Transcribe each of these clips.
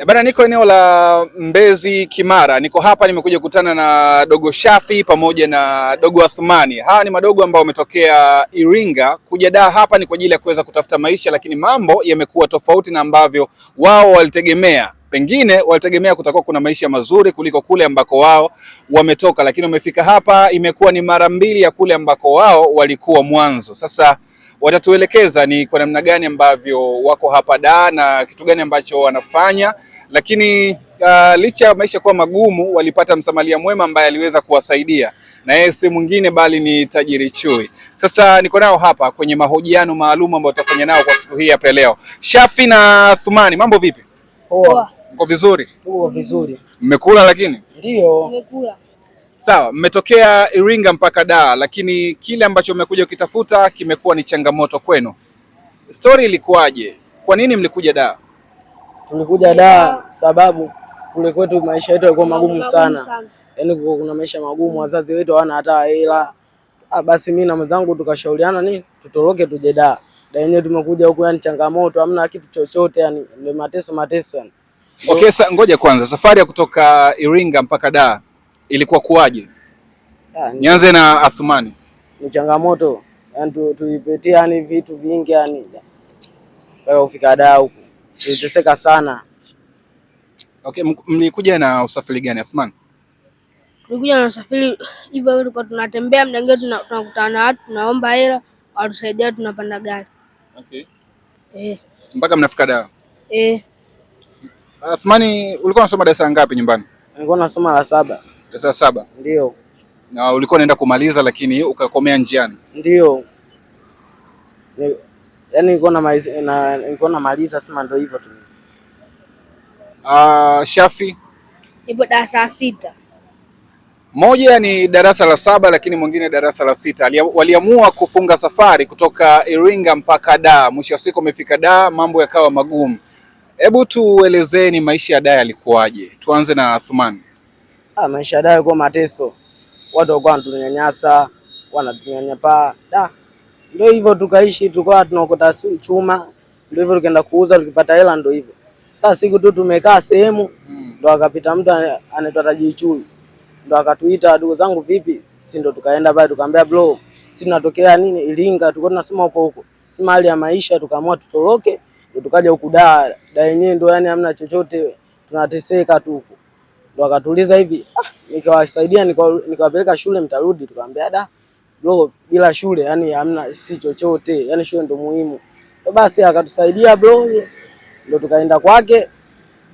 E bana, niko eneo la Mbezi Kimara, niko hapa, nimekuja kukutana na Dogo Shafi pamoja na Dogo Athumani. Hawa ni madogo ambao wametokea Iringa. kuja daa hapa ni kwa ajili ya kuweza kutafuta maisha, lakini mambo yamekuwa tofauti na ambavyo wao walitegemea pengine walitegemea kutakuwa kuna maisha mazuri kuliko kule ambako wao wametoka, lakini wamefika hapa, imekuwa ni mara mbili ya kule ambako wao walikuwa mwanzo. Sasa watatuelekeza ni kwa namna gani ambavyo wako hapa daa na kitu gani ambacho wanafanya lakini uh, licha ya maisha kuwa magumu, walipata msamalia mwema ambaye aliweza kuwasaidia na yeye si mwingine bali ni tajiri Chui. Sasa niko nao hapa kwenye mahojiano maalum ambayo tutafanya nao kwa siku hii hapa leo. Shafi na Thumani, mambo vipi? Poa. Mko vizuri? Poa, vizuri. Mmekula lakini? Ndio. Mmekula. Sawa, mmetokea Iringa mpaka Dar, lakini kile ambacho mmekuja ukitafuta kimekuwa ni changamoto kwenu. Story ilikuwaje? Kwa nini mlikuja Dar? tulikuja da sababu kule kwetu maisha yetu yalikuwa magumu sana, yaani kuna maisha magumu, wazazi wetu hawana hata hela. Ah, basi mimi na mzangu tukashauriana nini, tutoroke tuje da da yenyewe tumekuja huku, yani changamoto, hamna kitu chochote, yani ndio mateso, mateso yani. Okay, sasa ngoja kwanza, safari ya kutoka Iringa mpaka da ilikuwa kuwaje? Ah, Nianze na Athumani. Ni changamoto yani, tulipitia yani vitu vingi yani mpaka eh, kufika da huku niliteseka sana. Okay, mlikuja na usafiri gani Athman? Tulikuja na usafiri hivyo, tulikuwa tunatembea mdenge, tunakutana na watu, tunaomba hela watusaidia, tunapanda gari. Okay. Eh. Mpaka mnafika Dar. Eh. Athmani, ulikuwa unasoma darasa ngapi nyumbani? Nilikuwa nasoma la saba. Darasa saba? Ndio. Na ulikuwa unaenda kumaliza lakini ukakomea njiani? Ndio yani na maliza sima ndio hivyo tu. Uh, Shafi ipo darasa la sita, moja ni darasa la saba lakini mwingine darasa la sita. Waliamua kufunga safari kutoka Iringa mpaka Dar. Mwisho wa siku wamefika Dar, mambo yakawa magumu. Hebu tuelezeni maisha ya Dar yalikuwaje? Tuanze na Thumani. Ah, maisha ya Dar yalikuwa mateso, watu walikuwa wanatunyanyasa, wanatunyanyapaa da ndio hivyo tukaishi, tulikuwa tunaokota chuma, ndio hivyo tukaenda kuuza, tukipata hela ndio hivyo. Sasa siku tu tumekaa sehemu mm. ndo akapita mtu anaitwa Tajii Chui, ndo akatuita ndugu zangu, vipi? Si ndo tukaenda pale, tukamwambia bro, si tunatokea nini Ilinga, tulikuwa tunasema huko huko, si mahali ya maisha, tukaamua tutoroke, ndo tukaja huku da da yenyewe ndo yani hamna chochote, tunateseka tu huko. Ndo akatuliza hivi, ah, nikawasaidia nikawapeleka shule, mtarudi? tukamwambia da bro, bila shule yani hamna, si chochote yani, shule ndo muhimu. Basi akatusaidia bro, ndo tukaenda kwake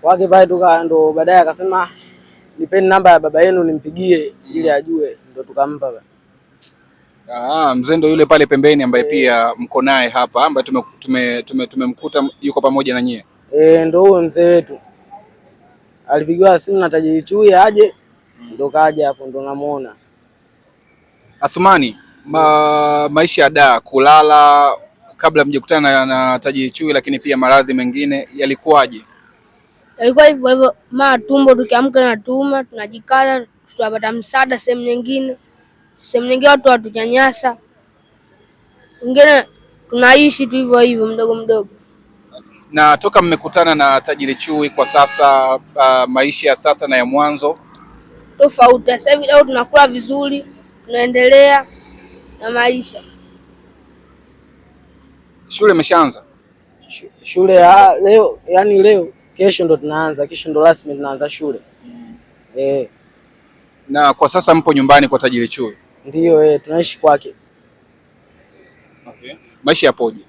kwake pale tuka, ndo baadaye akasema nipeni namba ya baba yenu nimpigie ili ajue, ndo tukampa. Ah, mzee ndo yule pale pembeni ambaye e, pia mko naye hapa ambaye tumemkuta tume, tume, tume yuko pamoja na nyie e, ndo huyo mzee wetu alipigiwa simu na tajiri chui aje, hmm. ndo kaja hapo, ndo namuona Athumani, ma, maisha ya daa kulala kabla mjakutana na, na Taji Chui, lakini pia maradhi mengine yalikuwaje? Yalikuwa hivyo hivyo, mara tumbo tukiamka na tuma, tunajikaza tutapata msaada sehemu nyingine, sehemu nyingine watu watunyanyasa, ngine tunaishi tu hivyo hivyo mdogo mdogo. Na toka mmekutana na Tajiri Chui kwa sasa, uh, maisha ya sasa na ya mwanzo tofauti. Sasa hivi leo tunakula vizuri, tunaendelea na maisha. Shule imeshaanza shule ya leo, yani leo kesho ndo tunaanza, kesho ndo rasmi tunaanza shule mm. E. Na kwa sasa mpo nyumbani kwa tajiri Chui? ndio e, tunaishi kwake. Okay. Maisha yapoje?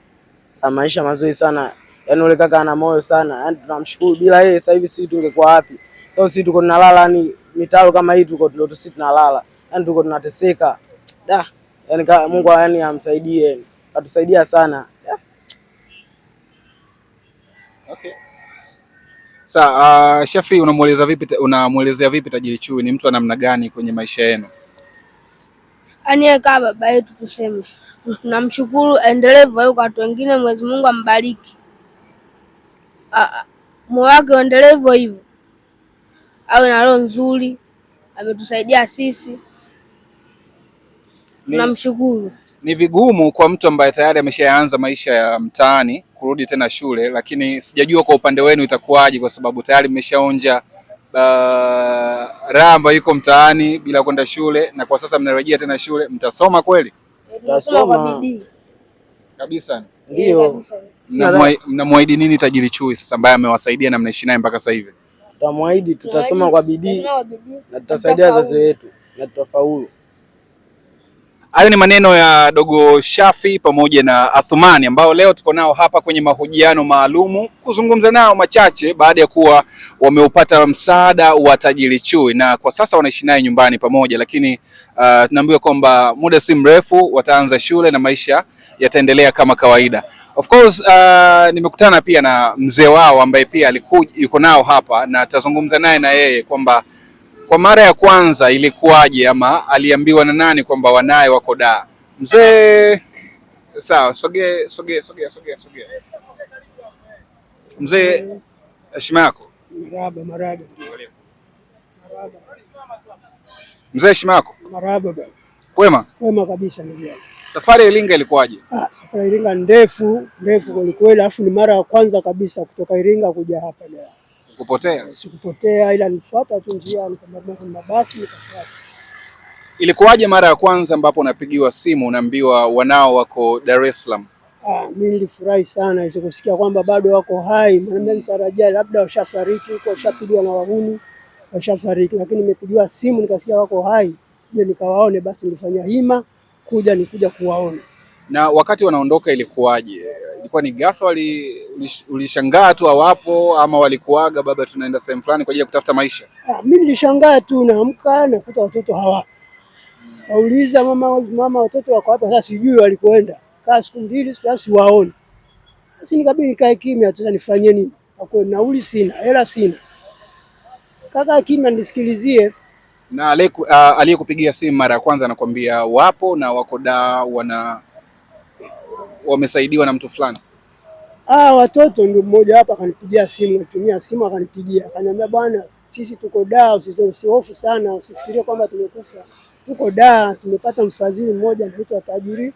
Ah, maisha mazuri sana, yaani ule kaka ana moyo sana, yaani tunamshukuru. Bila yeye sasa hivi sisi tungekuwa wapi? Sasa sisi tuko tunalala, yani mitaro kama hii tuko ndio sisi tunalala yani tuko tunateseka da, yani Mungu yani amsaidie, atusaidia sana yeah. Okay. Sa, uh, Shafi unamueleza vipi, unamuelezea vipi Tajiri Chui ni mtu wa namna gani kwenye maisha yenu? Ani kaa baba yetu tuseme, tunamshukuru endelee hivyo kwa watu wengine. Mwenyezi Mungu ambariki moyo wake, uendelee hivyo, awe na roho nzuri, ametusaidia sisi namshukuru. Ni vigumu kwa mtu ambaye tayari ameshaanza maisha ya mtaani kurudi tena shule, lakini sijajua kwa upande wenu itakuwaje, kwa sababu tayari mmeshaonja uh, raha ambayo iko mtaani bila kwenda shule, na kwa sasa mnarejea tena shule, mtasoma kweli? Mtasoma kabisa. Ndio. Mnamwahidi nini tajiri Chui sasa ambaye amewasaidia na mnaishi naye mpaka sasa hivi? Tutamwahidi tutasoma kwa bidii na tutasaidia wazazi wetu na tutafaulu. Hayo ni maneno ya Dogo Shafi pamoja na Athumani ambao leo tuko nao hapa kwenye mahojiano maalumu kuzungumza nao machache baada ya kuwa wameupata msaada wa Tajiri Chui na kwa sasa wanaishi naye nyumbani pamoja, lakini uh, tunaambiwa kwamba muda si mrefu wataanza shule na maisha yataendelea kama kawaida. Of course, uh, nimekutana pia na mzee wao ambaye pia alikuwa yuko nao hapa na tazungumza naye na yeye kwamba kwa mara ya kwanza ilikuwaje, ama aliambiwa na nani kwamba wanaye wako da? Mzee sawa, sogea sogea sogea sogea sogea. Mzee, heshima yako. Maraba maraba. Mzee, heshima yako. Maraba baba. Kwema? Kwema kabisa ndugu Safari ya Iringa ilikuwaje? Ah, safari ya Iringa ndefu ndefu kwelikweli, alafu ni mara ya kwanza kabisa kutoka Iringa kuja hapa leo. Sikupotea, Sikupotea, ila nifuata tu njia, nikamwambia kuna basi, nikafuata. Ilikuwaje mara ya kwanza ambapo unapigiwa simu unaambiwa wanao wako Dar es Salaam? Ah, mimi nilifurahi sana izo kusikia kwamba bado wako hai, maana mimi nitarajia labda washafariki huko, washapigwa na wahuni, washafariki, lakini nimepigiwa simu nikasikia wako hai, je, nikawaone. Basi nilifanya hima kuja nikuja kuwaona. Na wakati wanaondoka ilikuwaje? ilikuwa ni ghafla, ulishangaa tu hawapo ama walikuaga, baba, tunaenda sehemu fulani kwa ajili ya kutafuta maisha? Ah, mimi nilishangaa tu, naamka nakuta watoto hawapo, nauliza mama, mama watoto wako hapa? Sasa sijui walikoenda, kaa siku mbili siwaoni. Sasa nikabidi nikae kimya, sasa nifanye nini? Kwa nauli sina, hela sina, kaka kimya nisikilizie na ah, aliyekupigia simu mara ya kwanza anakwambia wapo na wako da wana wamesaidiwa na mtu fulani? Ah, watoto ndio mmoja hapa akanipigia simu, alitumia simu akanipigia, akaniambia bwana, sisi tuko daa, usihofu sana, usifikirie kwamba tumekufa, tuko daa, tumepata mfadhili mmoja anaitwa Tajiri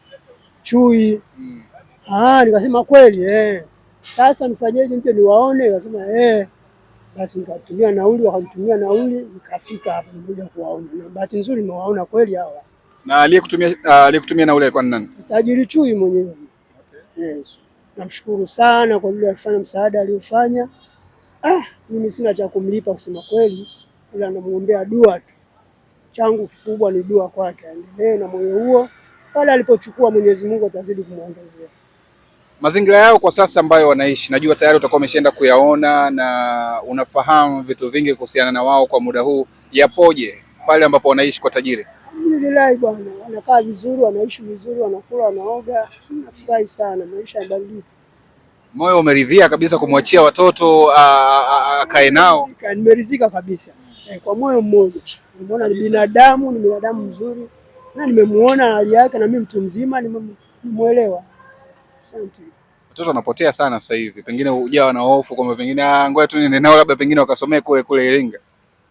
Chui. Mm. Ah, nikasema kweli eh. Sasa nifanyeje? Ndio niwaone? Nikasema eh. Basi nikatumia nauli, wakanitumia nauli, nikafika hapa, nimekuja kuwaona, na bahati nzuri nimewaona kweli hawa. Na aliyekutumia ah, aliyekutumia nauli alikuwa ni nani? Tajiri Chui mwenyewe. Yes. Namshukuru sana kwa ajili ya msaada aliofanya. Ah, mimi sina cha kumlipa kusema kweli, ila namuombea dua tu. Changu kikubwa ni dua kwake, aendelee na moyo huo, pale alipochukua Mwenyezi Mungu atazidi kumwongezea. Mazingira yao kwa sasa ambayo wanaishi, najua tayari utakuwa umeshaenda kuyaona na unafahamu vitu vingi kuhusiana na wao kwa muda huu, yapoje pale ambapo wanaishi kwa tajiri? Alhamdulillah bwana, wanakaa vizuri, wanaishi vizuri, wanakula, wanaoga, nafurahi sana, maisha yabadilika. Moyo umeridhia kabisa kumwachia watoto akae nao? Nimeridhika kabisa e, kwa moyo mmoja. Nimeona ni binadamu, ni binadamu mzuri, na nimemuona hali yake, na mimi mtu mzima nimemuelewa. Asante. Watoto wanapotea sana sasa hivi, pengine ujawa na hofu kwamba pengine ah, ngoja tu nene nao, labda pengine wakasomee kule kule Iringa.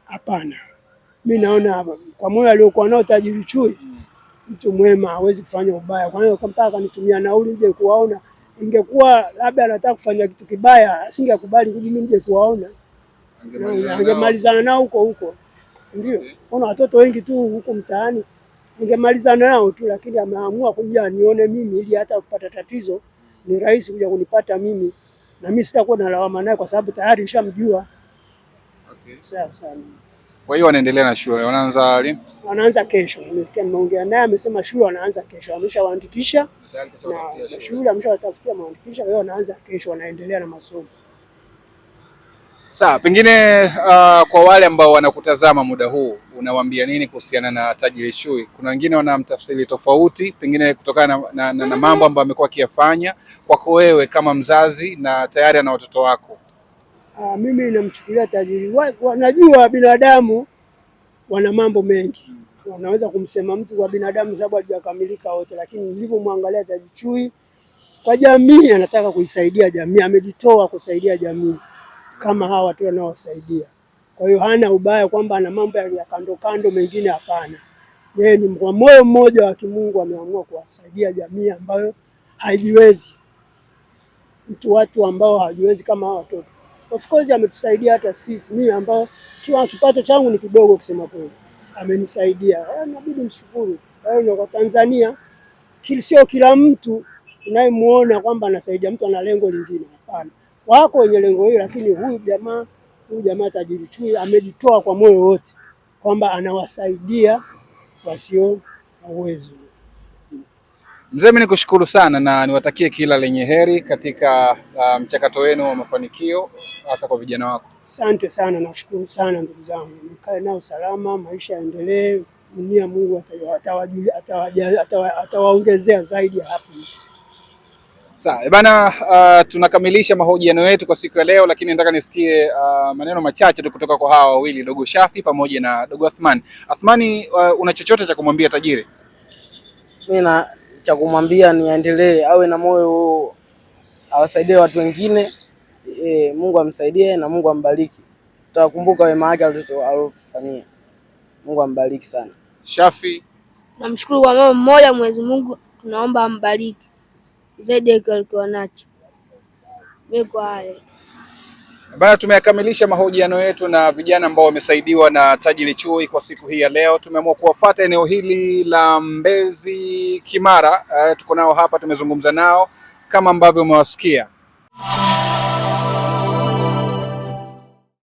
Hapana mi naona kwa moyo aliokuwa nao tajiri Chui mm. mtu mwema, hawezi kufanya ubaya. Kwa hiyo mpaka akanitumia nauli nje kuwaona. Ingekuwa labda anataka kufanya kitu kibaya, asingekubali kuja nje kuwaona, angemalizana nao huko huko. Ndio mm. kuna watoto wengi tu huko mtaani, angemalizana nao tu, lakini ameamua kuja nione mimi, ili hata kupata tatizo ni rahisi kuja kunipata mimi, na mimi sitakuwa na lawama naye kwa sababu tayari nishamjua. Okay. Sawa sana. Kwa hiyo wanaendelea na shule, wanaanza lini? Wanaanza kesho. Nimesikia nimeongea naye amesema shule wanaanza kesho, ameshawaandikisha na shule ameshawatafutia maandikisha, kwa hiyo wanaanza kesho, wanaendelea na masomo. Sawa, pengine uh, kwa wale ambao wanakutazama muda huu unawaambia nini kuhusiana na Tajiri Chui? Kuna wengine wanamtafsiri tofauti, pengine kutokana na, na, na, na mambo ambayo amekuwa akiyafanya kwako wewe kama mzazi na tayari ana watoto wako Aa, ah, mimi namchukulia tajiri wa, najua binadamu wana mambo mengi, wanaweza kumsema mtu kwa binadamu sababu hajakamilika wote, lakini nilivyomwangalia Tajiri Chui kwa jamii, anataka kuisaidia jamii, amejitoa kusaidia jamii kama hawa watu wanaowasaidia. Kwa hiyo hana ubaya kwamba ana mambo ya kando kando mengine, hapana. Yeye ni kwa moyo mmoja wa kimungu ameamua kuwasaidia jamii ambayo haijiwezi, mtu watu ambao hawajiwezi kama hawa watoto Of course ametusaidia hata sisi, mimi ambao kiwa kipato changu ni kidogo kusema kweli, amenisaidia ah, nabidi mshukuru. Kwa Tanzania sio kila mtu unayemuona kwamba anasaidia mtu ana lengo lingine, hapana. Wako wenye lengo hilo, lakini huyu jamaa huyu jamaa tajiri chui amejitoa kwa moyo wote kwamba anawasaidia wasio na uwezo. Mzee, mimi nikushukuru sana na niwatakie kila lenye heri katika uh, mchakato um, wenu wa mafanikio hasa kwa vijana wako. Asante sana, nashukuru sana ndugu zangu, mkae nao salama, maisha yaendelee, dunia Mungu atawaongezea atawa, atawa, zaidi hapo. Sawa eh, bana, uh, tunakamilisha mahojiano yetu kwa siku ya leo, lakini nataka nisikie uh, maneno machache tu kutoka kwa hawa wawili, Dogo Shafi pamoja na Dogo Athmani. Athmani, uh, una chochote cha kumwambia tajiri? Mimi na cha kumwambia ni aendelee, awe na moyo huo, awasaidie watu wengine e, Mungu amsaidie na Mungu ambariki. Tutakumbuka wema wake aliotufanyia. Mungu ambariki sana. Shafi, namshukuru kwa moyo mmoja, Mwenyezi Mungu tunaomba ambariki zaidi alikuwa nacho. Mimi kwa haya Bana, tumeyakamilisha mahojiano yetu na vijana ambao wamesaidiwa na Tajiri Chui kwa siku hii ya leo. Tumeamua kuwafuata eneo hili la Mbezi Kimara. Uh, tuko nao hapa, tumezungumza nao kama ambavyo umewasikia.